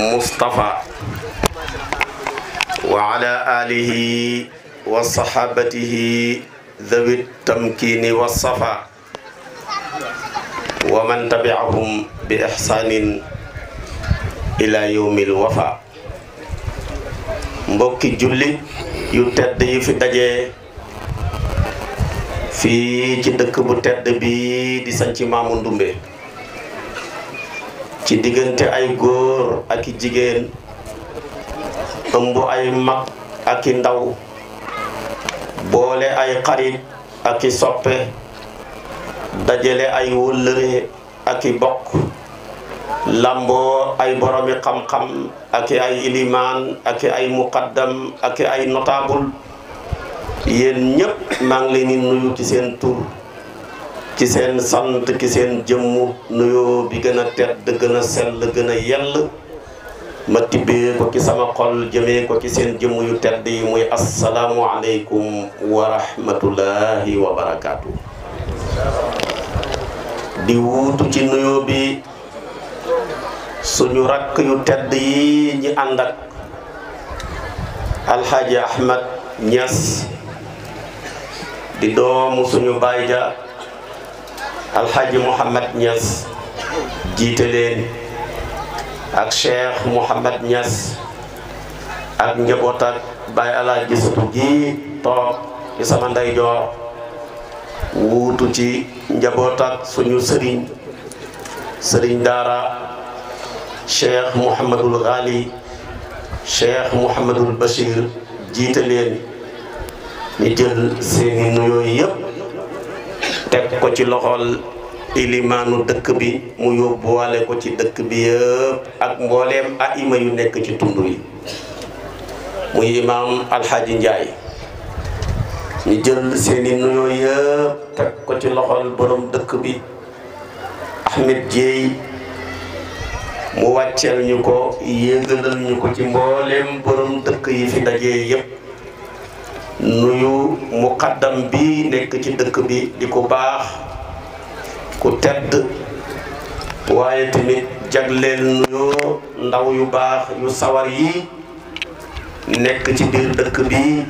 مصطفى وعلى آله وصحابته ذوي التمكين والصفا ومن تبعهم بإحسان إلى يوم الوفا مبكي جولي يتد في دجي في جدك بتد بي دي سانتي مامون دومبي ci diggante ay góor ak i jigéen ëmb ay mag ak i ndaw boole ay xarit ak i soppe dajale ay wëllëre ak i bokk lamboo ay boromi xam-xam ak ay ilimaan ak ay muqaddam ak ay notable yéen ñëpp maa ngi leen nuyu ci seen tur ci seen sant ci seen jëmm nuyoo bi gën a tedd gën a sell gën a yell ma tibbee ko ci sama xol jëmee ko ci seen jëmm yu tedd yi muy asalaamu aleykum wa wa barakaatu. di wuutu ci nuyoo bi suñu rakk yu tedd yi ñi ànd ak alxaaji ahmad ñas di doomu suñu baay ja alxaaji Mouhamed Niass jiite leen ak Cheikh Mouhamed Niass ak njaboot ak Baye Alaaji Sëtu gi toog ci sama ndeyjoor wuutu ci njaboot ak suñu sëriñ dara daara Cheikh Mouhamadul Ghali Cheikh Mouhamadul Bachir jiite leen ni jël seeni nuyoo yépp teg ko ci loxol ilimaanu dëkk bi mu yóbbuwaale ko ci dëkk bi yëpp ak mbooleem aima yu nekk ci tund yi muy imaam alxaaji njaay ñu jël seeni nuyoo yëpp teg ko ci loxol borom dëkk bi Ahmed Dieye mu wàcceel ñu ko yéegalal ñu ko ci mbooleem borom dëkk yi fi dajee yëpp nuyu muqaddam bi nekk ci dëkk bi di ku baax ku tedd waaye tamit jagleel nuyoo ndaw yu baax yu sawar yi nekk ci biir dëkk bi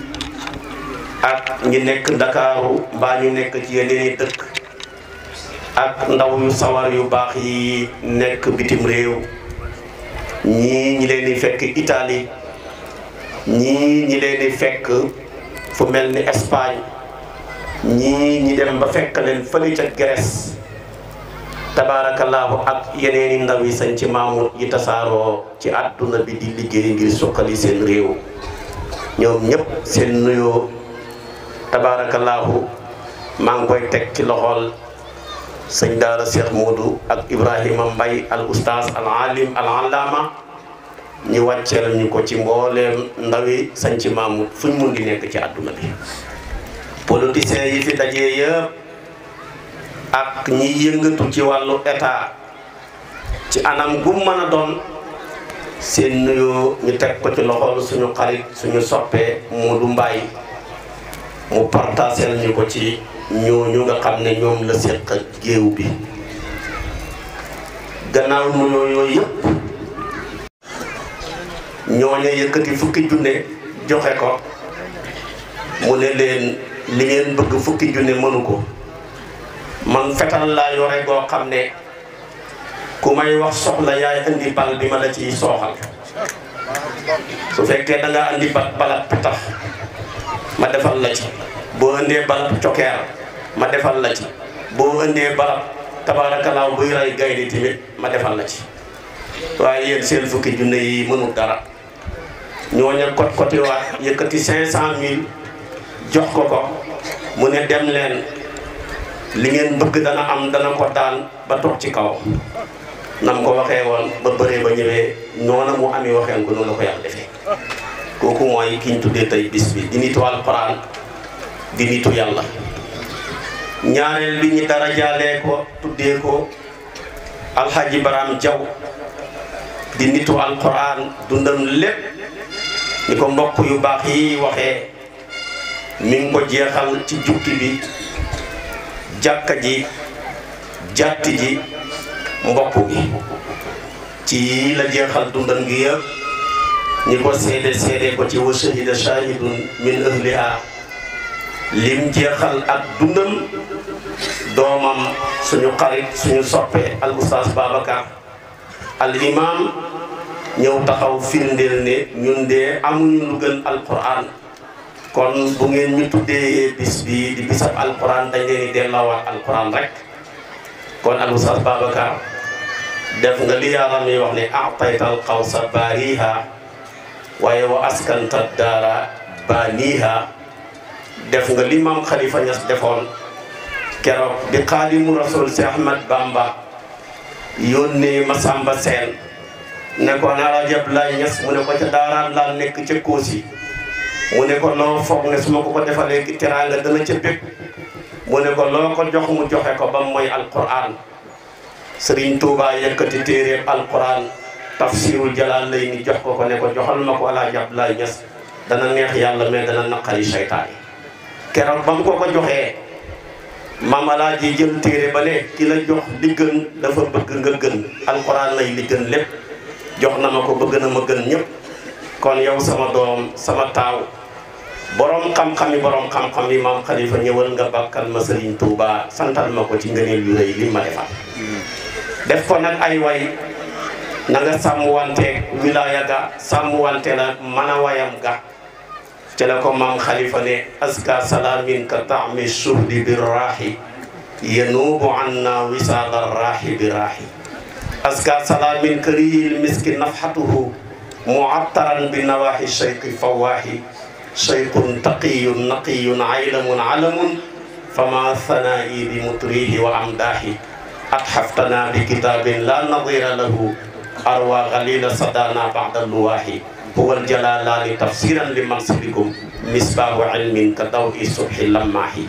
ak ñi nekk ndakaaru mbaa ñu nekk ci yeneeni dëkk ak ndaw yu sawar yu baax yi nekk bitim réew ñii ñi leen di fekk Italie ñii ñi leen di fekk fu mel ni Espagne ñii ñi dem ba fekk leen fële ca Grèce tabaarakallaahu ak yeneeni ndaw yi sañ ci Mamour yi tasaaroo ci àdduna bi di liggéey ngir suqali seen réew ñoom ñëpp seen nuyoo tabaarakallaahu maa ngi koy teg ci loxol sëñ daara Cheikh Modou ak Ibrahima Mbaye al oustaz al alim al allama ñu wàcceel ñu ko ci mbooleem ndawi sanc maamu fuñ mun di nekk ci àdduna bi politiciens yi fi dajee yëpp ak ñi yëngatu ci wàllu état ci anam gu mën a doon seen nuyoo ñu teg ko ci loxool suñu xarit suñu soppee Modou Mbaye mu partageel ñu ko ci ñooñu nga xam ne ñoom la séq géew bi gannaaw nuyoo yooyu yëpp ñooña yëkkati fukki junne joxe ko mu ne leen li ngeen bëgg fukki junne mënu ko man fetal laa yore goo xam ne ku may wax soxla yaay indi bal bi ma la ciy sooxal su fekkee danga ngaa andi ba ma defal la ci boo indee balab cokeer ma defal la ci boo indee balab tabaarakalaaw buy rey gaynde tamit ma defal la ci waaye yéen seen fukki junne yi mënul dara ñoña kot koti waat yëkkati cinq cent jox ko ko mu ne dem leen li ngeen bëgg dana am dana ko daan ba tok ci kaw nam ko waxé won ba bëré ba ñëwé nona mu ami waxé ko noonu ko yalla defee koku moy kiñ tuddé tay bismi dini to alquran dini to yalla ñaareel bi ñi dara jalé ko tuddé ko alhaji baram jaw dini to alquran dundam lepp ni ko mbokk yu baax yi waxee mi ngi ko jeexal ci jukki bi jàkka ji jàtti ji mbokk bi ci la jeexal dundam gi yëpp ñi ko seede seede ko ci wa shahida shahidun min ahliha lim jeexal ak dundam doomam suñu xarit suñu soppe al oustaz al imam ñew taxaw firndeel ne ñun de amuñu lu gën alquran kon bu ngeen ñu tuddé bis bi di bisab alquran dañ leen di delloowaat alquran rek kon al ustaz babakar def nga li yaaram yi wax ne a'taytal alqawsa bariha wa wa askanta dara baniha def nga li mam Khalifa ñas defoon keroog di xaadimu rasul si Ahmad Bamba yónnee Masamba sen. nekkoon Alaaji Abdoulaye Niass mu ne ko ca daaraan laa nekk ca Koosi mu ne ko loo foog ne su ma ko ko defalee ki dana ca bépp mu ne ko loo ko jox mu joxe ko ba mooy alquran Serigne Touba yëkkati téeréeb alquran tafsirul jalaal lay ni jox ko ko ne ko joxal ma ko Alaaji Abdoulaye Niass dana neex yàlla mais dana naqari seytaane keroog ba mu ko ko joxee maam Alaaji jël téere ba ne ki la jox li gën dafa bëgg nga gën alquran lay li lépp jox na ma ko bëgg na ma gën ñëpp kon yow sama doom sama taaw boroom xam-xam yi boroom yi maam Khalifa ñëwal nga bàkkal ma Serigne Touba santal ma ko ci ngëneel yu rëy li ma defal def ko nag ay way na nga sàmm wilaaya ga sàmm wante la mën wayam ga ci maam Khalifa ne aska salaamin ka taami suhdi bi raaxi yanuubu an na wisaala raaxi bi raaxi أزكى سلام من كريل مسك نفحته معطرا بنواحي الشيخ الفواحي شيخ تقي نقي عيلم علم فما ثنائي بمطريه وأمداحي أتحفتنا بكتاب لا نظير له أروى غليل صدانا بعد اللواحي هو الجلالان تفسيرا لمنصبكم مصباح علم كضوء صبح اللماحي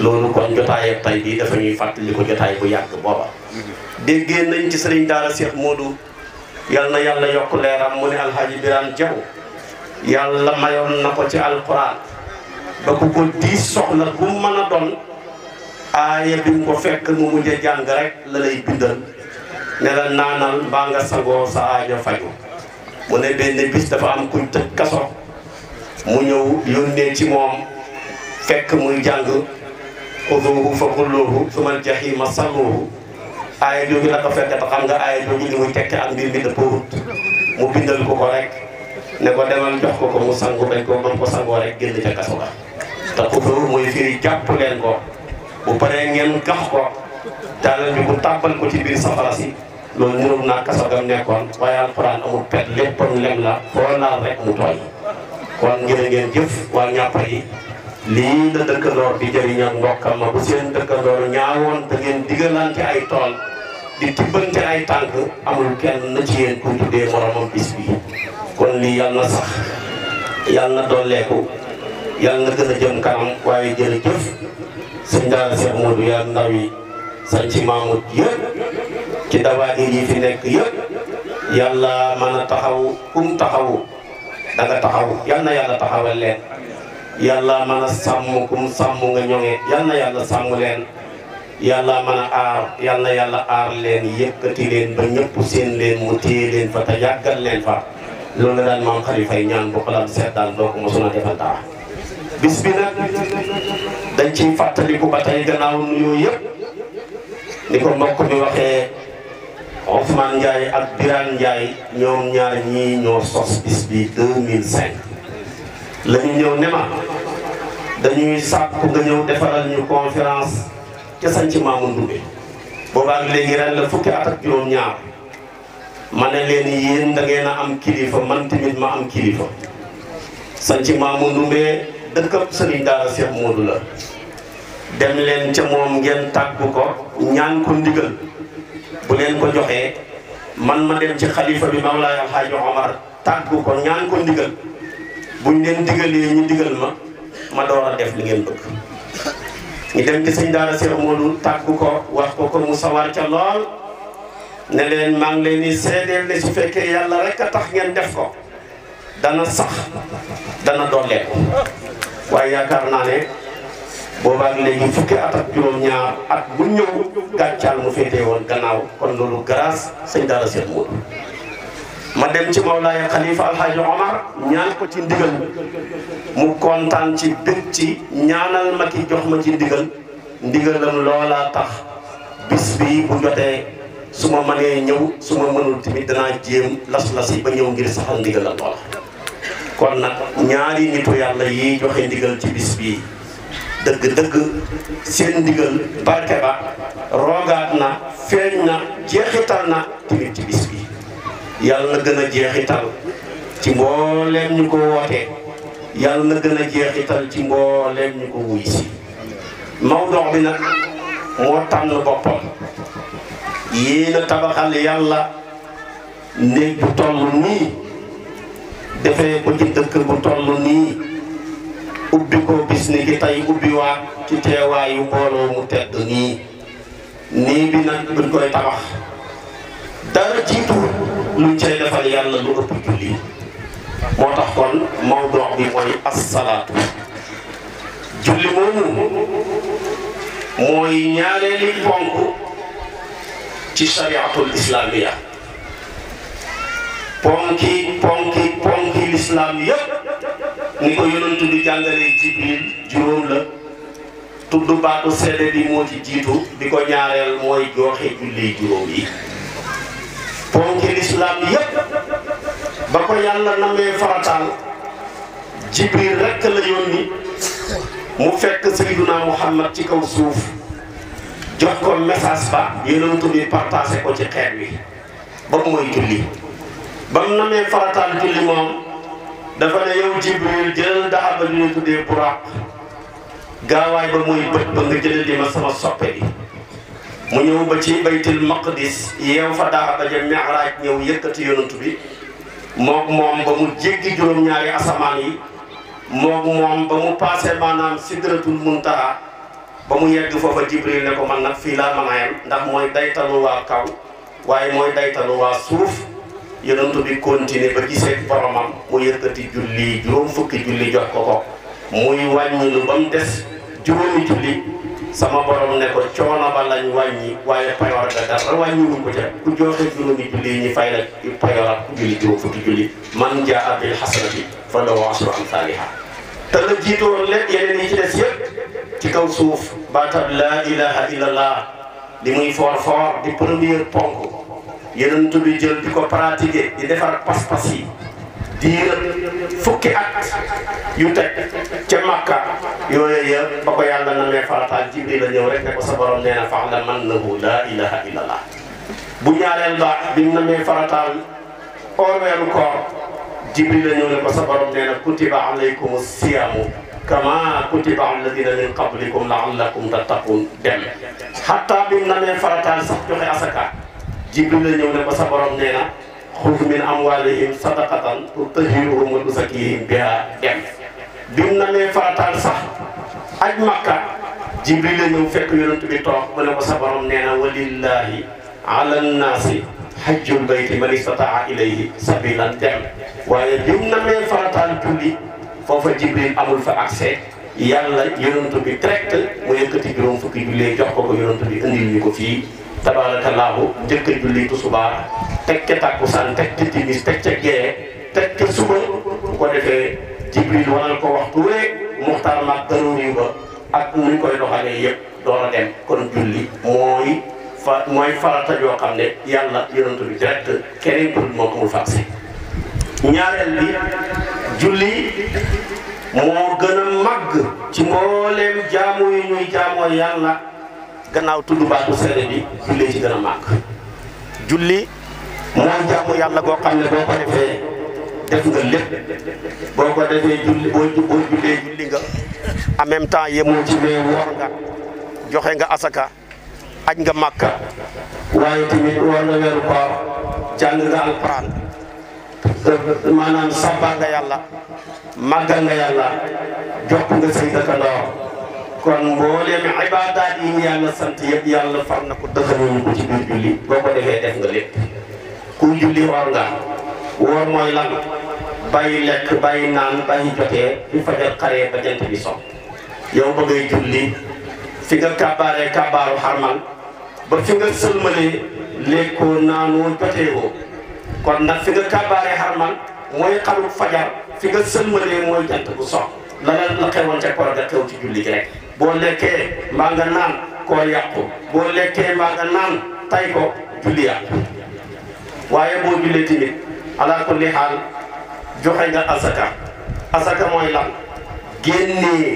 loolu kon jotaay ak tay bii dafa ñuy fàttali ko jotaay bu yàgg booba déggee nañ ci sëriñ daara Cheikh Modou yal na yàlla yokk leeram mu ne alxaaji Biraan Jaw yàlla mayoon na ko ci alquran ba ku ko diis soxla bu mën a doon aaya bi mu ko fekk mu mujj a jàng rek la lay bindal ne la naanal mbaa nga sagoo sa aajo faju mu ne benn bis dafa am kuñ tëj kaso mu ñëw yónnee ci moom fekk muy jàng xuduuhu fa xulluuhu sumal jaxiima salluuhu aaya jooju la ko fekk te xam nga aaya jooju li muy tekki ak mbir mi dëppoowut mu bindal ko ko rek ne ko demal jox ko ko mu sangu bañ ko mën ko sangoo rek génn ca kaso ga te xuduuhu mooy firi ko bu paree ngeen gax ko taalal bi ku tàbbal ko ci biir safara si loolu niróog naa kaso gam nekkoon waaye alxuraan amul rek lii la dëkkandoor di jëriñ ak mbokkam ma bu seen dëkkandoor ñaawoon da ngeen digalante ay tool di tibbante ay tànk amul kenn na ci yéen ku tuddee moromam bis bi kon lii yal na sax yal na dolleeku yal na gën a jëm kanam waaye jërëjëf sëñ daara Cheikh Modou yal ndaw yi sañ ci Mamoud yëpp ci dawaayir yi fi nekk yëpp yàlla mën a taxaw kum taxawu da nga taxaw yal na yàlla taxawal leen yàlla mën a sàmm kum sàmm nga ñoŋee yal na yàlla sàmm leen yàlla mën a aar yal na yàlla aar leen yëkkati leen ba ñëpp seen leen mu téye leen fa te yàggal leen fa loolu la daan maam xarit fay ñaan bu xalaat seet daal doo ko mosoon a defal dara bis bi nag dañ ciy fàttaliku yëpp ni ko mbokk mi waxee Ousmane Ndiaye ak Birane Ndiaye ñoom ñaar ñii ñoo sos bis bi 2005. Lamine ñëw ne ma dañuy sàkku nga ñëw ñu conférence ca sañ Maamu Ndumbe boobaag léegi ren la fukki at ak juróom-ñaar ma ne leen yéen da a am kilifa man tamit ma am kilifa sañ ci Maamu Ndumbe dëkkab sëriñ daara Cheikh Modou la dem leen ca moom ngeen tàggu ko ñaan ko ndigal bu leen ko joxee man ma dem ci xalifa bi Mawlaay Alxaaji Omar tàggu ko ñaan ko ndigal buñ leen digalee ñu digal ma ma door a def li ngeen bëgg ñu dem ci sëñ daara Cheikh Modou tàggu ko wax ko ko mu sawar ca lool ne leen maa ngi leen di seedeel ne su fekkee yàlla rek a tax ngeen def ko dana sax dana dooleeku waaye yaakaar naa ne boobaak léegi fukki at ak juróom-ñaar at bu ñëw gàccaal mu féetee woon gannaaw kon loolu grâce sëñ daara Cheikh Modou ma dem ci Mawlaay Xalifa Alxaaji Omar ñaan ko ci ndigal mu kontaan ci bég ci ñaanal ma ki jox ma ci ndigal ndigalam loolaa tax bis bi bu jotee su ma mënee ñëw su ma mënul tamit danaa jéem las-las yi ba ñëw ngir saxal a loola kon nag ñaari nitu yàlla yi joxe ndigal ci bis bi dëgg-dëgg seen ndigal barke ba roogaat na feeñ na jeexital na tamit ci bis bi yàlla na gën a jeexital ci mbooleem ñu ko wootee yàlla na gën a jeexital ci mbooleem ñu ko wuy si Maodo bi nag moo tànn boppam yéen tabaxal yàlla néeg bu toll nii defee ko ci dëkk bu toll nii ubbi ko bis ni ki tey ubbiwaat ci teewaayu mbooloo mu tedd nii nii bi nag buñ koy tabax dara jiitu luñ cay defal yàlla lu ëpp julli moo tax kon mawdu bi mooy assalaatu julli moomu mooy ñaareeli ponk ci shariatul islamiya ponki ponki ponki lislaam yépp ni ko yonent di jàngale jibril juróom la tudd baatu seede bi moo ci jiitu di ko ñaareel mooy joxe julli juróom yi lislaam yépp ba ko yàlla namee farataal jibril rekk la yónni mu fekk sayyiduna muhammad ci kaw suuf jox ko message ba yonent bi partagé ko ci xeet wi ba mu mooy julli ba mu namee farataal julli moom dafa ne yow jibril jëlal daxa ba ñu tuddee buraq gaawaay ba muy bët ba nga jëlal di ma sama soppe bi mu ñëw ba ci baytil maqdis yeew fa daara ba ja miraaj ñëw yëkkati yonent bi mook moom ba mu jéggi juróom-ñaari asamaan yi mook moom ba mu passé maanaam sidratul muntaha ba mu yegg foofa jibril ne ko man nag fii laa mën a yem ndax mooy daytalu waa kaw waaye mooy daytalu waa suuf yonent bi continuer ba gisee boromam mu yëkkati julli juróom fukki julli jox ko ko muy wàññi lu ba mu des juróomi julli sama borom ne ko coono ba lañ wàññi waaye payoor ga dara wàññiwuñ ko ca ku joxe juróomi julli ñi fay la payoor ku julli juróom fukki julli man jaa bil hasanati fa lahu ashru amthaliha te la jiitoon le yeneen yi ci des ci kaw suuf baatab laa ilaha illallah li muy foor foor di premier ponk yenentu bi jël di ko pratiquer di defar pas yi diir fukki at yu teg ca Makka yooyu yëpp ba ko yàlla na mee farataal Jibril la ñëw rek ne ko sa borom nee na fax la man lahu laa ilaha illallah bu ñaareel ba biñ na mee farataal oor weeru koor Jibril la ñëw ne ko sa borom nee na kutiba alaykum siyaamu kama kutiba alladina min qablikum laallakum tattaqun dem xataa biñ na mee farataal sax joxe asaka Jibril la ñëw ne ko sa borom nee na xuz min amwaalihim sadaqatan tutahhiruhum wa tuzakkihim bihaa dem bim na nee farataal sax aj makka jibril la ñëw fekk yonent bi toog mu ne ko sa borom nee na walillaahi ala nnaasi hajjul bayti man istataa ilayhi sabilan dem waaye bim na nee farataal julli foofa jibril amul fa accès yàlla yonent bi direct mu yëkkati juróom fukki jullee jox ko ko yonent bi indil ñu ko fii tabaarakallaahu njëkk a julli tusubaar teg ca takkusaan teg ca timis teg ca gee teg ca suba bu ko defee jibril wanal ko waxtu rek muxtaar maag daruuri ba ak nuñ koy doxalee yëpp door a dem kon julli mooy farata yoo xam ne yàlla yonent bi direct keneen ko moo ko mu fàtte ñaareel bi julli moo gën a màgg ci mbooleem jaamu yi ñuy jaamoo yàlla gannaaw tuddu ba ko sere bi julli ci dara mak julli na jamu yalla go xamne ne boo ko defee def nga lepp boo ko defee julli boo boo jullee julli nga en même temps yemu ci be wor nga joxe nga asaka aj nga màkka waye timit woor nga weeru koor jàng nga alquran manam sabba nga yalla magal nga yalla jox nga say dëkkandoo kon mboolem ibaadaat yi ñu yàlla sant yëpp yàlla far na ko dëgëral ko ci biir julli boo ko defee def nga lépp ku julli woor nga woor mooy lan bàyyi lekk bàyyi naan bàyyi jotee fi fajar xaree ba jant bi so yow ba ngay julli fi nga kàbbaaree kàbbaaru xarmal ba fi nga sëlmalee lekkoo naanoo jotee woo kon nag fi nga kàbbaaree xarmal mooy xalu fajar fi nga sëlmalee mooy jant bu so la la xewoon ca koor ga xew ci julli gi boo lekkee mbaa nga naan koo yàqu boo lekkee mbaa nga naan tay ko julli yàqu waaye boo jullee tamit ala kulli xaal joxe nga asaka asaka mooy lan génnee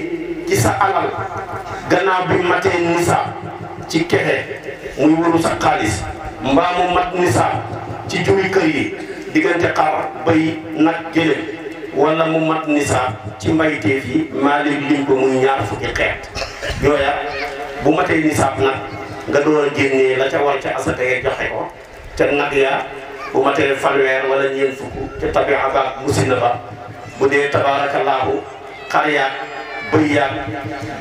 ci sa alal gannaaw bi matee nisaab ci kexe muy wuru sa xaalis mbaa mu mat nisaab ci juri yi diggante xar bay nag jëlee wala mu mat nisa ci mayte fi maa leen ko mu ñaar fukki xet yoya bu matee nisa nak nga do la génnee la ca war ca asaka ya joxe ko ca nak ya bu matee falwer wala ñeen fukku ca tabia ba musina ba bu dee tabarakallah xar yaag bëy yaag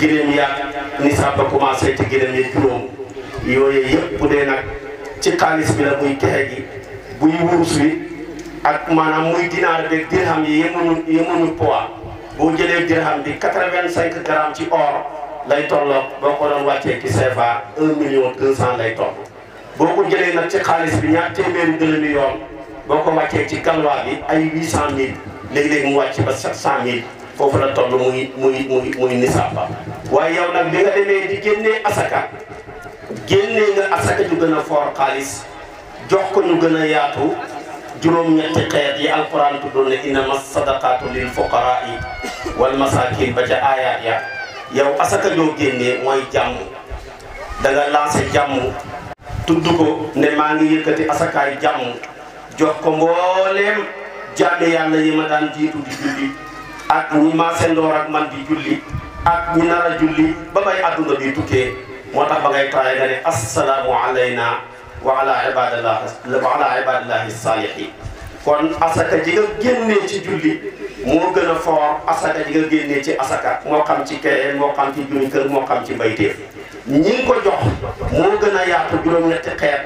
giléem yaag ba commencé ci giléem yi juróom yooyu yëpp bu dee nak ci xaalis bi la muy kexe gi buy wurus wi ak maanaam muy dinaar beeg dirham yi yemuñu yemuñu poids boo jëlee dirham bi quatre-vingt-cinq ci or lay tolloog boo ko doon wàccee ci CFA un million deux cent lay toll. boo ko jëlee nag ci xaalis bi ñaar téeméeri dërëmi yoon boo ko wàccee ci galwaa bi ay huit cent mille léeg-léeg mu wàcc ba sept cent mille foofu la toll muy muy muy muy nisaab ba waaye yow nag bi nga demee génnee asaka génnee nga asaka ñu gën foor xaalis jox ko ñu gën yaatu. juróom-ñetti xeet yi alquran tudd ne innama sadaqatu lil fuqara'i wal masakin ba ca aayaat ya yow asaka joo génnee mooy jàmm da nga lancé jàmm tudd ko ne maa ngi yëkkati asakaay jàmm jox ko mbooleem jaame yàlla yi ma daan di julli ak ñi ma sendoor ak man di julli ak ñi nara julli ba bay àdduna bi tukkee moo ba ngay nga ne alayna wa ala ibadillah wa ala ibadillahi saalihin kon asaka ji nga génnee ci julli moo gën a foor asaka ji nga génnee ci asaka moo xam ci kere moo xam ci juni kër moo xam ci mbayteef ñi ngi ko jox moo gën a yaatu juróom-ñetti xeet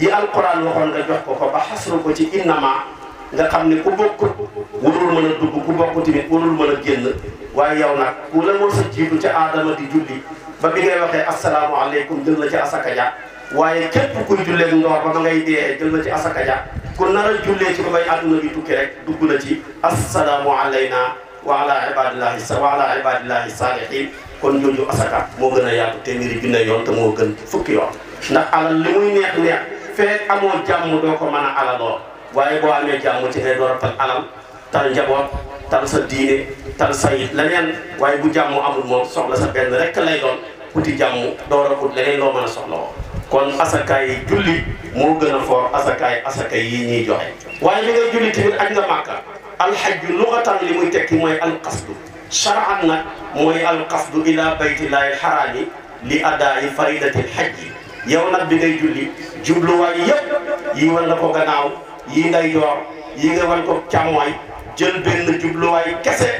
yi alquran waxoon nga jox ko ko ba xasru ko ci innama nga xam ne ku bokkut warul mën a dugg ku bokk tamit warul mën a génn waaye yow nag ku la moo sa jiitu ca aadama di julli ba bi ngay waxee asalaamaaleykum jël la ci asaka ja waaye képp kuy jullee ndoor ba ba ngay dee jël na ci asaka ja ku nar a jullee ci ba bay àdduna bi tukki rek dugg na ci assalaamu alayna wa ala ibadillahi wa ala ibadillahi saalihin kon jooju asaka moo gën a yaatu téeméeri junne yoon te moo gën fukki yoon ndax alal li muy a alaloo waaye boo amee jàmm ci ngay door a tal alal tal njaboot tal sa diine tal say leneen waaye bu jàmm amul moom soxla sa benn rek lay doon uti jàmm door a ut leneen loo mën a soxla kon asakaay julli moo gën a foor asakaay asaka yi ñuy joxe waaye li ngay julli tamit aj nga màkka alxajju luxatan li muy tekki mooy alqasdu charan nag mooy alqasdu ila baytillahi alxaraami li adaayi faridati lxajji yow nag bi ngay julli jubluwaay yépp yi wan ko gannaaw yi ngay joor yi nga wan ko càmmooy jël benn jubluwaay kese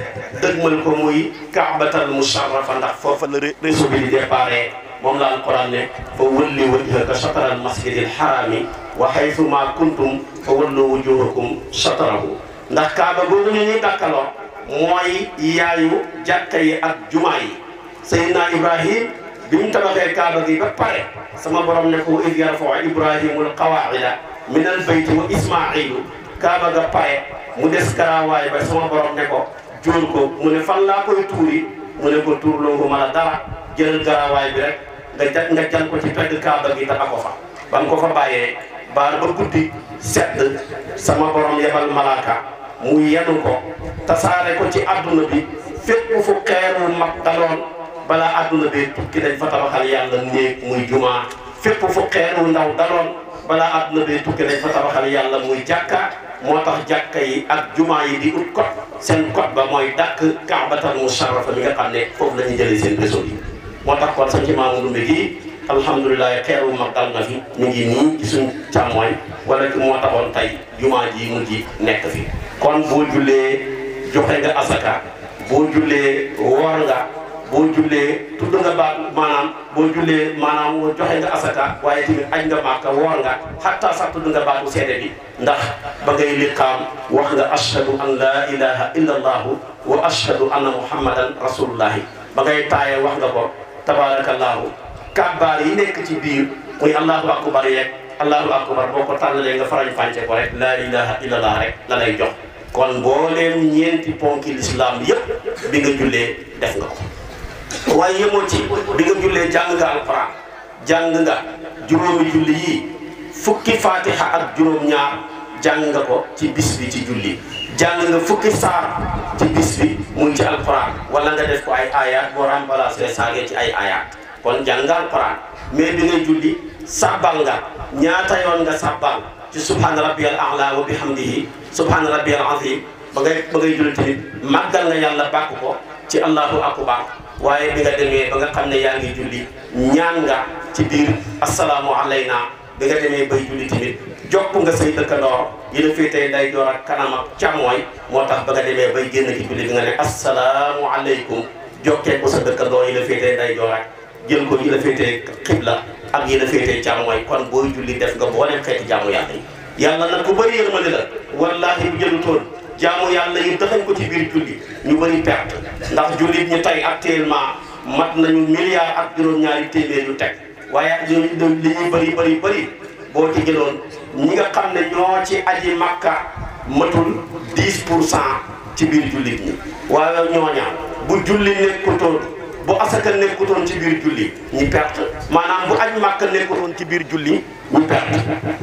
dëgmal ko muy kaabatal musharrafa ndax foofa la réseau bi moom la alquran ne fa walli wajhaka ma kuntum fa wallu wujuhakum ndax kaaba googu ñu ñuy dakkaloo mooy yaayu ak jumaa yi Ibrahim bi kaaba gi ba pare sama borom ne ko id yarfau ibrahimul qawaida min al bayti wa ismailu kaaba ga mu des karaawaay ba sama borom ne ko jóor mu ne fan laa tuuri mu ne ko tuurloo ko a dara jël garaawaay bi nga ja nga jàng ko ci pegg kaaba gi tabax ko fa ba nga ko fa bàyyee baar ba guddi sedd sama borom yebal malaaka mu yenu ko tasaare ko ci adduna bi fépp fu xeeru mag daloon balaa àdduna bi tukki dañ fa tabaxal yàlla néeg muy jumaa fépp fu xeeru ndaw daloon balaa adduna bi tukki dañ fa tabaxal yàlla muy jàkka moo tax jàkka yi ak jumaa yi di ut kot seen kot ba mooy dàkk kaabatal musharrafa mi nga xam ne foofu la ñu jëlee seen réseau yi moo tax kon sañ ci maamu Ndumbe gi alhamdulilah xeeru mag dal na fi ñu ngi nii ci suñ càmmooñ moo taxoon tey jumaa ji mu ngi nekk fi kon boo jullee joxe nga asaka boo jullee woor nga boo jullee tudd nga ba maanaam boo jullee maanaam joxe nga asaka waaye tamit aj nga màkka woor nga xatta sax tudd baatu seede bi ndax ba ngay liqaam wax nga ashhadu an laa ilaha illa allahu wa ashhadu anna muhammadan rasulullahi ba ngay taaye wax nga ko tabaarakallaahu kabbaar yi nekk ci biir muy allahu akbar yeeg allahu akbar boo ko tàllalee nga farañ fànce ko rek laa ilaha illallah rek la lay jox kon boo leen ñeenti ponki lislaam yépp bi nga jullee def nga ko waaye yemoo ci bi nga jullee jàng nga alquran jàng nga juróomi julli yii fukki fatiha ak juróom-ñaar jàng nga ko ci bis bi ci julli jàng nga fukki saar ci bis bi mun ci alquran wala nga def ko ay ayat boo remplacé saagee ci ay ayat kon jàng nga alquran mais bi ngay julli sabbal nga ñaata yoon nga sabbal ci subhaana rabbiyal a'la wa bihamdihi subhaana rabbiyal azim ba ngay ba ngay julli nga yàlla ko ci allahu akbar waaye bi nga demee ba nga xam ne yaa ngi julli ñaan nga ci biir asalaamu alayna bi nga demee bay julli tamit jokk nga say dëkkandoor yi la féetee nday door ak kanam ak moo tax ba nga demee bay génn ci julli bi nga ne asalaamualeykum jokkee ko sa dëkkandoo yi la féetee nday door ak jël ko yi la féetee xibla ak yi la féetee càmmooy kon booy julli def nga booleem xeeti jaamu yàlla yi yàlla nag ku bëri yërmande la wallaahi bu jëlutoon jaamu yàlla yi daxañ ko ci biir julli ñu bëri perte ndax jullit ñu tey actuellement mat nañu milliards ak juróom-ñaari téeméer yu teg waaye ak li ñuy bëri bëri bëri boo ci jëloon ñi nga xam ne ñoo ci aji makka matul 10 pour cent ci biir jullit ñi waaye ñooña bu julli nekkutoon bu asaka nekkutoon ci biir julli ñi perte maanaam bu aji makka nekkutoon ci biir julli ñi perte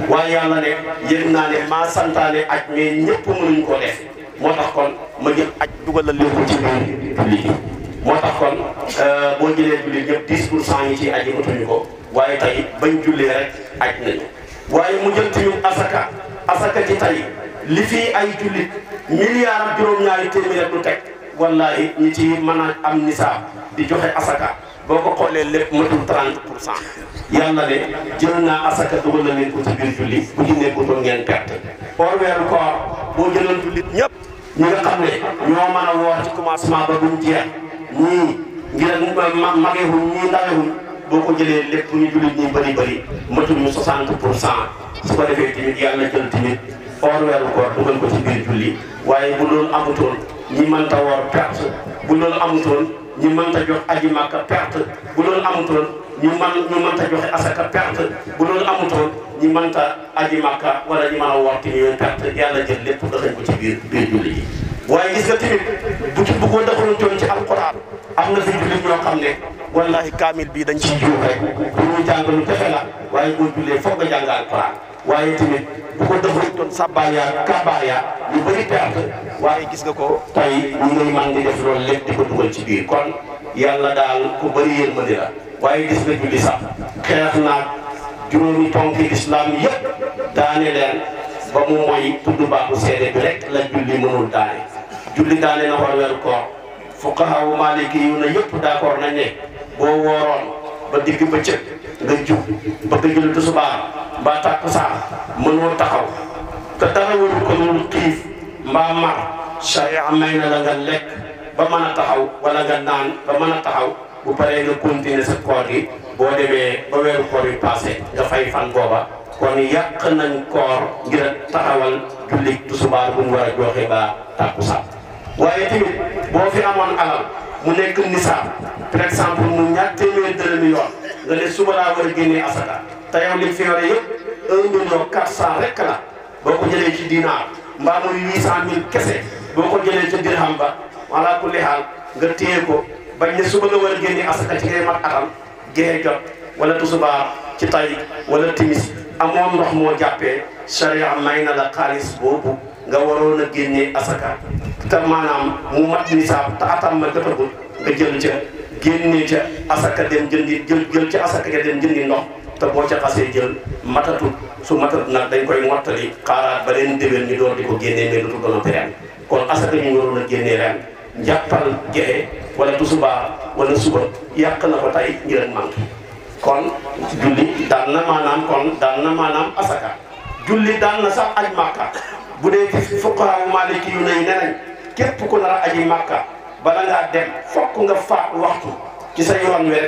waaye yàlla ne yëg naa ne maa santaane aj mais ñëpp mënuñ ko def moo tax kon ma jël aj dugalal lépp ci biir julli moo tax kon euh, boo jëlee julli ñëpp 10 pour cent yi ci aji ñu ko waaye tey bañ julli rek aj nañu waaye mu jël tamit asaka asaka ci tay li fii ay jullit milliard ak juróom-ñaari téeméer du teg wallahi ñi ci mën a am nisaab di joxe asaka boo ko xoolee lépp matul 30 pour cent yàlla de jël naa asaka dugal na leen ko ci biir julli bu ci nekkutoon ngeen perte or weeru koor boo jëlal jullit ñëpp ñi nga xam ne ñoo mën a woor ci commencement ba duñ jeex ñii ngir mageexuñ ñii ndawexuñ boo ko jëlee lépp ñu jullit ñi bëri bëri matuñu 60 pour cent su ko defee tamit yàlla jël tamit or weeru koor dugal ko ci biir waaye bu loolu amutoon ñi mënta woor perte bu loolu amutoon ñi mënta jox aji màkka perte bu loolu ñu man ñu mënta joxe asaka bu loolu amutoon ñi ñi mën a woor tamit yooyu perte yàlla jël lépp dëxañ ko ci biir biir julli yi waaye gis nga tamit bu ci bu ko dëxaloon ci am na fi jullit ñoo xam ne wallahi kaamil bii dañ ci juum rek bu ñuy jàng lu jafe la waaye boo jullee foog nga jàng alquran waaye tamit bu ko def rek yaa kaabaal yaa ñu bëri perte waaye gis nga ko tey ñu ngay man def loolu lépp di ko dugal ci biir kon yàlla daal ku bëri yërmande la waaye gis nga julli sax xeex naag juróomi ponki lislaam yëpp daane leen ba mu mooy tudd baaxu seede bi rek la julli mënul daane julli daane na war koor fuqahaawu maaliki yu ne yëpp d'accord nañ ne boo wooroon ba digg bëccëg nga jub ba nga jël tisbaar mbaa takkusaan mënoo taxaw te taxawul ko noonu xiif mbaa mar sharia may la nga lekk ba mën a taxaw wala nga naan ba mën a taxaw bu pare nga continuer sa koor gi boo demee ba weeru koor yi passé nga fay fan booba kon yàq nañ koor ngir taxawal julli tisbaar bu war a joxe ba takkusaan waaye tamit boo fi amoon alal mu nekk nisaab par exemple mu ñàkk téeméer dërëmi yoon nga ne suba laa war a génnee asaka te yow li fi yore yëpp un million quatre cent rek la boo ko jëlee ci dinaar mbaa muy huit cent mille kese boo ko jëlee ci dirham ba ala kulli haal nga téye ko bañ ne suba nga war a génnee asaka ci ngay mat atam géej jot wala tusubaar ci tay wala timis amoon ndox moo jàppee charia may na la xaalis boobu. nga waroon a génnee asaka te maanaam mu mat nisaab te atam ma jotagul nga jël ca génnee ca asaka dem jëndi jël jël ca asaka ga dem jëndi ndox te boo ca xasee jël matatu su matatut nag dañ koy mottali xaaraat ba leen ñi ñu door di ko génnee mais dutul doonante ren kon asaka ñu waroon a génnee ren njàppal gexe wala tusubaa wala suba yàq na ko tey ñu leen manqué kon julli daan na maanaam kon daan na maanaam asaka julli daal na sax aj màkka bu dee ci fuqahaa maaliki yu ne yi ne nañ képp ku nar a aji màkka bala ngaa dem fokk nga faat waxtu ci sa yoon wi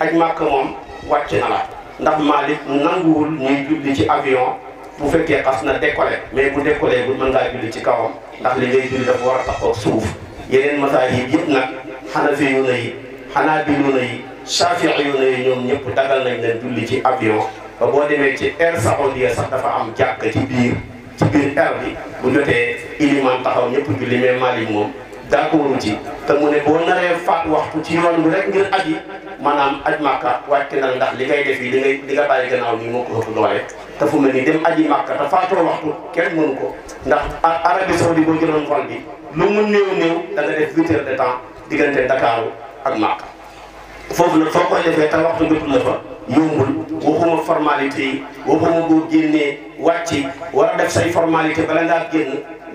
aj màkka moom wàcc na la ndax Malik nanguwul ñuy julli ci avion bu fekkee xas na décollé mais bu décollé bu mën ngaa julli ci kawam ndax li ngay julli dafa war a taxaw suuf yeneen masaahib yëpp nag xanafi yu ne yi xanaabilu ne yi saafi'i yu ne yi ñoom ñëpp dagal nañ leen julli ci avion ba boo demee ci air saoudia sax dafa am jàkk ci biir air bi bu jotee iliman taxaw ñëpp julli mais Malick moom d'accord ci te mu ne boo naree faat waxtu ci yoon bi rek ngir aji maanaam aj màkka wàcce na ndax li ngay def yi li ngay li nga bàyyi gannaaw nii moo ko ëpp doole te fu mu ne dem aji màkka te faatoo waxtu kenn mënu ko ndax Arabie Saoudi boo jëloon vol bi lu mu néew néew da def huit de temps diggante Dakar ak màkka foofu nag foo koy defee te yombul waxuma formalité yi waxuma boo génnee wàcc war a def say formalité bala ngaa génn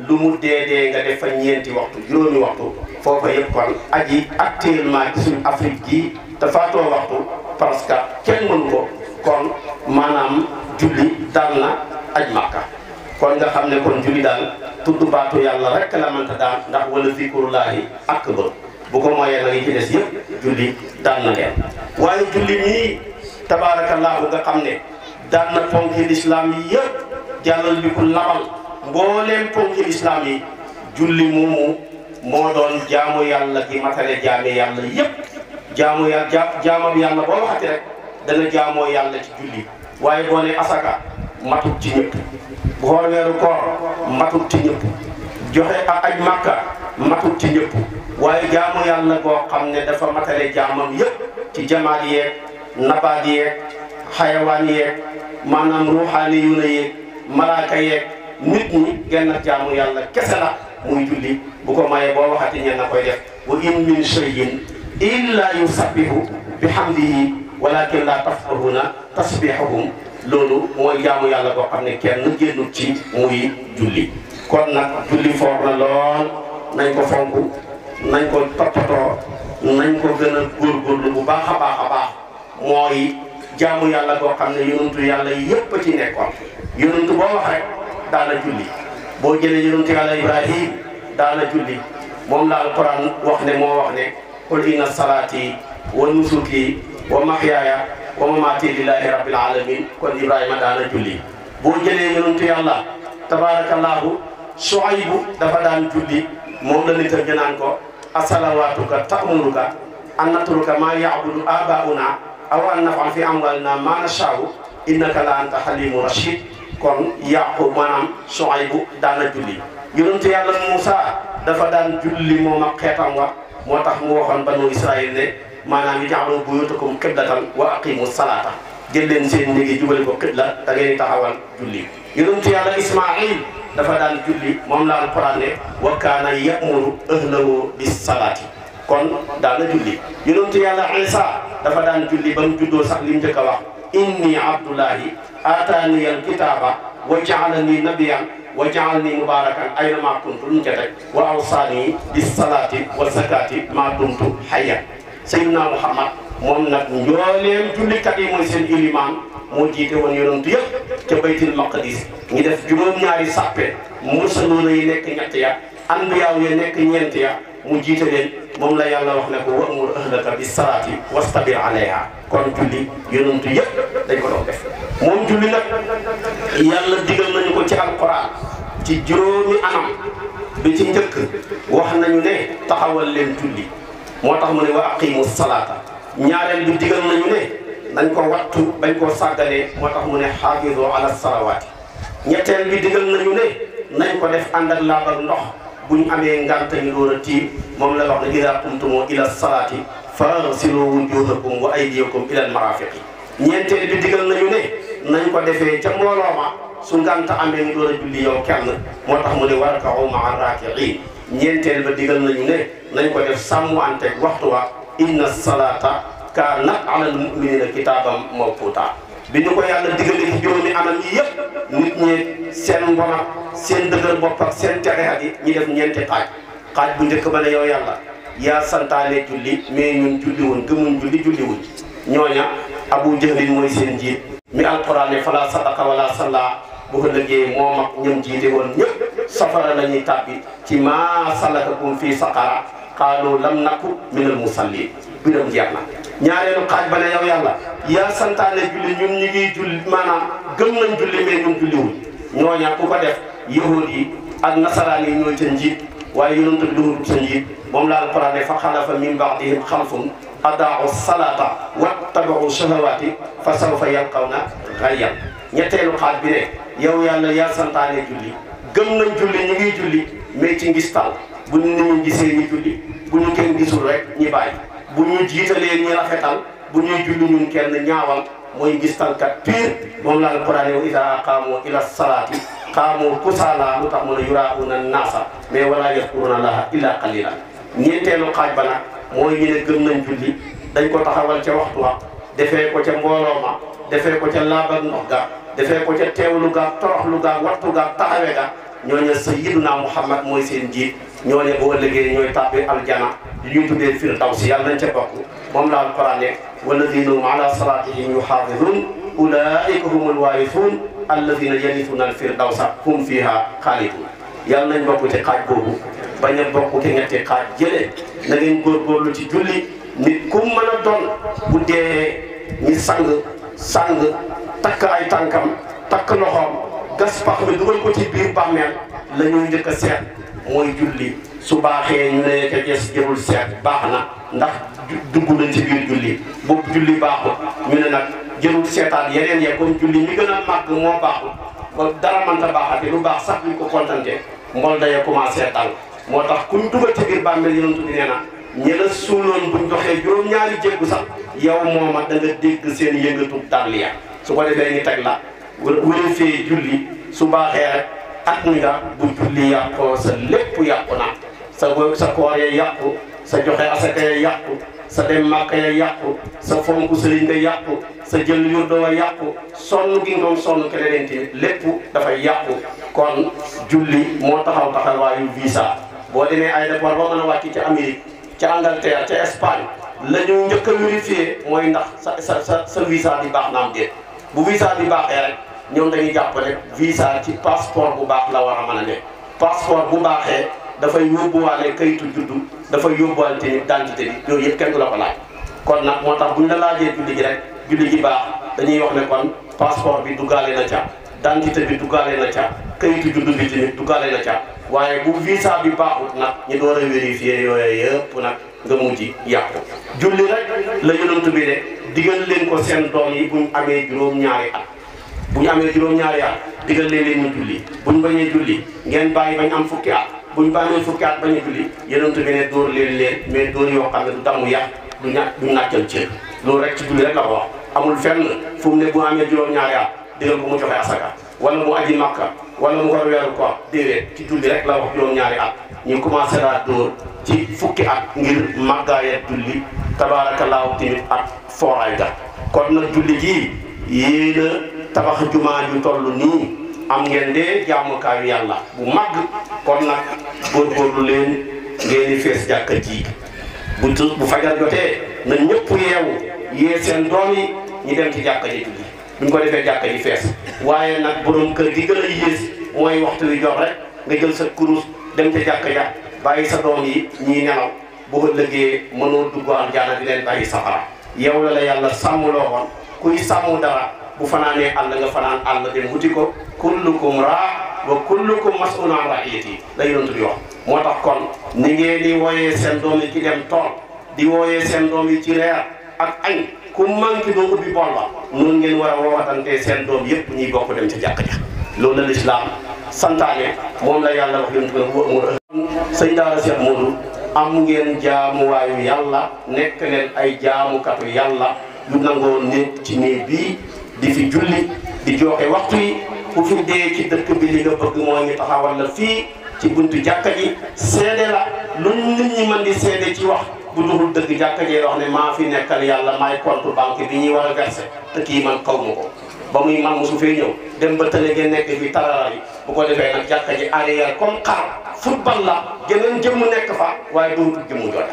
lu mu dee nga def fa ñeenti waxtu juróomi waxtu foofa yëpp kon aji actuellement ci suñ Afrique gii te faatoo waxtu parce que kenn mënu ko kon maanaam julli dal na aj makka kon nga xam ne kon julli dal tudd baatu yàlla rek la mënta daan ndax wala zikrullaahi akbar bu ko mooyee la ngi ci des yëpp julli dal na leen waaye julli tabaarakallaahu nga xam ne daan na ponki lislaam yi yëpp jàllal bi ku lamal mbooleem ponki lislaam yi julli moomu moo doon jaamu yàlla gi matale jaame yàlla yëpp jaamu yàlla ja jaamam yàlla boo waxati dana jaamoo yàlla ci julli waaye boo ne asaka matut ci ñëpp woor weeru koor matut ci ñëpp joxe a aj màkka matut ci ñëpp waaye jaamu yàlla boo xam ne dafa matale jaamam yëpp ci jamaal yeeg nabaat yeeg xayawaan yeeg maanaam ruuxaani yu ne yeeg malaaka yeeg nit ñi genn jaamu yàlla kese la muy julli bu ko mayee boo waxati ñeen na koy def wa in min shay'in illa yusabbihu bihamdihi walakin la tafqahuna tasbihahum loolu mooy yàlla boo xam ne kenn génnut ci muy julli kon nag julli foog na lool nañ ko fonk nañ ko toppatoo nañ ko gën a góorgóorlu bu baax a baax a baax mooy jaamu yàlla boo xam ne yonentu yàlla yépp ci nekkoon yonentu boo wax rek daana julli boo jëlee yonentu yàlla ibrahim daana julli moom la alquran wax ne moo wax ne qul inna salaati wa nusuki wa mahyaaya wa mamaati lillahi rabbil alamin kon ibrahima daana julli boo jëlee yonentu yàlla tabarakallahu suaybu dafa daan julli moom la nit a ñu naan ko asalawaatuka ta'muruka an natruka maa ya'budu abaa'una aw an am fi amwaalinaa maa nashaa'u innaka la anta haliimu rashiid kon yàqu maanaam Suhaybu daana julli yonentu yàlla Muusaa dafa daan julli moom ak xeetam wa moo tax mu waxoon banu Israayil ne maanaam ij'aluu buyuutakum qiblatan wa aqiimu salaata jël leen seen néegi jubale ko qibla da ngeen taxawal julli yonentu yàlla Ismaayil dafa daan julli moom la Alxuraan ne wa kaana ya'muru ahlahu bis salaati kon daana julli yonentou yalla ya isa dafa dan julli bam juddo sax lim jëk wax inni abdullahi atani al Kitaba. wa jaalani nabiyan wa jaalani mubarakan ayyama kuntu lim jëk wa awsani bis salati wa zakati ma kuntu hayya sayyidina muhammad nak nag julli kat yi moy seen ilimaan mo jité won yonentou yëpp ci baytil maqdis ñi def juroom ñaari sappé mursalu lay nek ñatt ya anbiyaaw ya nek ñent ya mu jiite leen moom la yàlla wax ne ko wa'mur ahlaka bis salaati wastabir alayha kon julli yonent yëpp dañ ko doon def moom julli nag yàlla digal nañu ko ci alquran ci juróomi anam bi ci njëkk wax nañu ne taxawal leen julli moo tax mu ne wa aqimu salaata ñaareel bi digal nañu ne dañ ko waxtu bañ ko sàggalee moo tax mu ne xaafidu ala salawaati ñetteel bi digal nañu ne nañ ko def ànd ak laabal ndox bu ñu amee ngànta ñu door a tiim moom la wax ne ida qumtumu ila salaati fagsilu wujuhakum wa aydiyakum ila almarafiqi ñeenteel bi digal nañu ne nañ ko defee ca mbooloo ma su ngànta amee ñu door a julli yow kenn moo tax mu ne warka'u ma'a raaki'iin ñeenteel ba digal nañu ne nañ ko def sàmmante waxtu wa inna salaata kaanat ala almuminina kitaaban mawquuta bi ñu ko yàlla digalee ci juróomi anam yi nit ñi seen ngor seen dëgër bopp ak seen texeat yi ñu def ñeenti xaaj xaaj bu njëkk ba ne yow yàlla yaa santaane julli mais ñun julli woon gëmuñ julli julli wuñ ñooña abu jahlin mooy seen njiit mi alquran ne fala sadaka wala salla bu ko lëggee moom ak ñoom jiite woon ñëpp safara la ñuy tàbbi ci maa salakakum fii saqara qaalu lam naku minal musallin biram jeex na ñaareelu xaaj ba ne yow yàlla yaa santaane julli ñun ñu ngi julli maanaam gëm nañ julli mais ñun julliwuñ ñooña ku ko def yahuud yi ak nasaraan yi ñooy sa njiit waaye yonent bi moom la alquran ne fa xalafa min baadihim xalfun adaau salata wattabau shahawaati fa sawfa yalqawna gayyan ñetteelu xaaj bi ne yow yàlla yaa santaane julli gëm nañ julli ñu ngi julli mais ci ngistal bu ñu gisee ñu julli bu ñu kenn gisul rek ñi bàyyi bu ñuy jiitalee ñu rafetal bu ñu julli ñun kenn ñaawal mooy gis tànkat pire moom la alquran wa ida qaamu ila salaati qaamu kusaala lu tax mu ne na naasa mais wala a allaha illa qalila ñeenteelu xaaj ba nag mooy ñu ne nañ julli dañ ko taxawal ca waxtu wa defee ko ca mbooloo ma defee ko ca laabal ndox ga defee ko ca teewlu ga toroxlu ga waxtu ga taxawe ga ñooñu sayyiduna muhammad mooy seen jiit ñooñu boo ëllëgee ñooy tàbbi aljana li ñu tuddee nañ ca bokk moom la alquran ne walladina hum ala salatihim yuxaafidun ulaika humul waarithun alladina yarithuna alfirdawsa hum fiha xaalidun yàlla nañ bokk ci xaaj boobu bañ a bokk ki ñetti xaaj jëlee na ngeen góorgóorlu ci julli nit ku a doon bu dee ñi sang sang takk ay tànkam takk loxoom gas pax bi dugal ko ci biir bàmmeel la ñuy njëkk a seet mooy julli su baaxee ñu ne ka gis jërul seet baax na ndax dugg nañ ci biir julli bu julli baaxul ñu ne nag jërul seetaat yeneen yee kon julli mi gën a màgg moo baaxul ba dara mënta baaxate lu baax sax ñu ko kontante mbol da commencé dal moo tax kuñ dugal ci biir bàmmeel yonent bi nee na ñi la suuloon buñ doxee juróom-ñaari jéggu sax yow mooma da nga dégg seen yëngatu dàll ya su ko defee ñu teg la wëree fee julli su baaxee rek at nga bu julli yàqoo sa lépp yàqu na sa wóor sa koor ya yàqu sa joxe asaka ya yàqu sa dem màkk ya yàqu sa fonku sëriñ da yàqu sa jël yurdo wa yàqu sonn gi ngoom sonn keneen lépp dafay yàqu kon julli moo taxaw taxawaayu visa boo demee aéroport ba mën a wàcc ca Amérique ca Angleterre ca Espagne la ñu njëkk a mooy ndax sa sa sa sa visa bi baax na am déet bu visa bi baaxee rek ñoom dañuy jàpp rek visa ci passeport bu baax la war a mën a nekk passeport bu baaxee. dafay yóbbuwaale kayitu juddu dafay yóbbuwaale te identité bi yooyu yëpp kenn du la ko laaj kon nag moo tax bu ñu la laajee julli ji rek ji baax dañuy wax ne kon passeport bi duggaale na ca identité bi duggaale na ca kayitu juddu bi tamit duggaale na ca waaye bu visa bi baaxut ñu door a vérifier yooyu yëpp nag nga mujj yàqu. julli rek la yonent bi de leen ko seen doom yi bu amee juróom-ñaari at bu ñu amee juróom-ñaari at digal leen leen ñu julli bu ñu bañee julli ngeen bàyyi bañ am fukki at. bu ñu bàmmee fukki at bañ a julli yonent bi ne dóor leen leen mais dóor yoo xam ne du damu yàq du ñàkk du nàccal ceeb loolu rek ci julli rek la ko wax amul fenn fu mu ne bu amee juróom-ñaari at digal ko mu joxe asaka wala mu aji makka wala mu war weeru ko déedéet ci julli rek la wax juróom-ñaari at ñu commencé laa dóor ci fukki at ngir màggaaya julli tabaarakallaahu tamit ak fooraay ga kon nag julli gii yéen a tabax jumaa ju toll nii am ngeen dee jaamukaayu yàlla bu mag kon nag góorgóorlu leen ngeen di fees jàkka ji bu bu fajar jotee na ñëpp yeewu yee seen doom yi ñu dem ci jàkka ji julli bu ñu ko defee jàkka ji fees waaye nag borom kër gi gën a yées mooy waxtu wi jox rek nga jël sa kurus dem ca jàkka ja bàyyi sa doom yi ñii nelaw boo ëllëgee mënoo dugg aljaana di leen bàyyi safara yow la la yàlla sàmm loo woon kuy sàmm dara bu fanaanee àll nga fanaan àll dem wuti ko kullukum raa wa kullukum mas'ulun an ra'iyyati la yonent bi wax moo tax kon ni ngeen di wooyee seen doom yi ci dem tool di wooyee seen doom yi ci reer ak añ ku manqué doo ubbi bool ba noonu ngeen war a woowatante seen doom yépp ñuy bokk dem ci jàkka ja loolu la lislaam santaane moom la yàlla wax yonent bi bu amul sëñ daara Cheikh Modou am ngeen jaamuwaayu yàlla nekk leen ay jaamukatu yàlla yu nangoo nekk ci néeg bii di fi julli di joxe waxtu yi ku fi dee ci dëkk bi li nga bëgg mooy ñu taxawal la fii ci buntu jàkka ji seede la lu nit ñi mën di seede ci wax bu duxul dëgg jàkka jee wax ne maa fi nekkal yàlla maay compte banque bi ñuy war a verser te kii man xaw ko ba muy màmm su fee ñëw dem ba tële ngeen nekk fii tarara bi bu ko defee nag jàkka ji arrière comme xar football la geneen jëmm nekk fa waaye dootul jëmm jot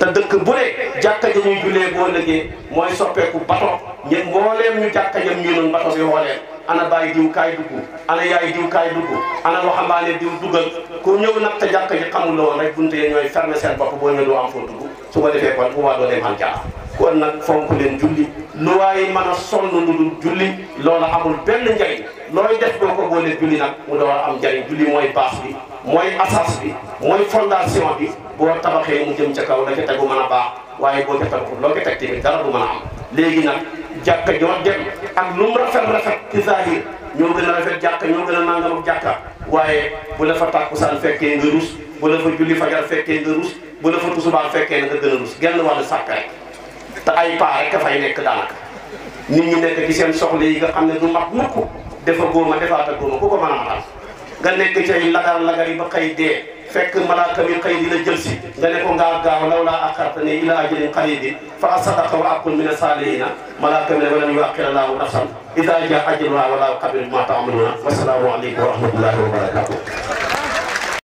te dëkk bu ne jàkka ja ñuy jullee boo lëggee mooy soppeeku bato ñun mbooleem ñu jàkka ja ñu noon bato bi xoolee ana bàyyi diw kaay dugg ana yaay diw kaay dugg ana waxambaane diw duggal ku ñëw nag te jàkka ji xamul la woon rek bunte yi ñooy fermer seen bopp boo ñëwee doo foo dugg su ko defee kon bu waa doo dem xam jaar kon lu waaye mën a sonn lu dul julli loolu amul benn njariñ looy def boo ko boolee julli nag mu door a am njariñ julli mooy baax bi mooy asas bi mooy fondation bi boo tabaxee mu jëm ca kaw la ca tegu a baax waaye boo ca tegu ko teg tamit dara du mën a léegi nag jàkka joo dem ak lu mu rafet rafet ci zahir a rafet jàkka ñoo a nangam ak jàkka waaye fa tàkkusaan fekkee nga rus bu la fa julli fajar fekkee nga rus bu fa tusubaar fekkee nga gën a rus genn wàllu sàkk rek te ay paa rek dafay nekk daanaka nit ñi nekk ci seen soxla yi nga xam ne du mat mukk dafa góoma defaata góoma ku ko mën a matal nga nekk ci ay lagar lagar yi ba xëy dee fekk malaaka mi di la jël si nga ne ko ngaa gaaw law laa axartanii ilaa ajalin qariibin fa asaddaqa wa akun mina a malaaka mi ne wa lan yuaxxira llaahu nafsan idaa jaa ajaluhaa wallaahu xabiirun bimaa ta'maluun salaamu aleykum wa rahmatullaahi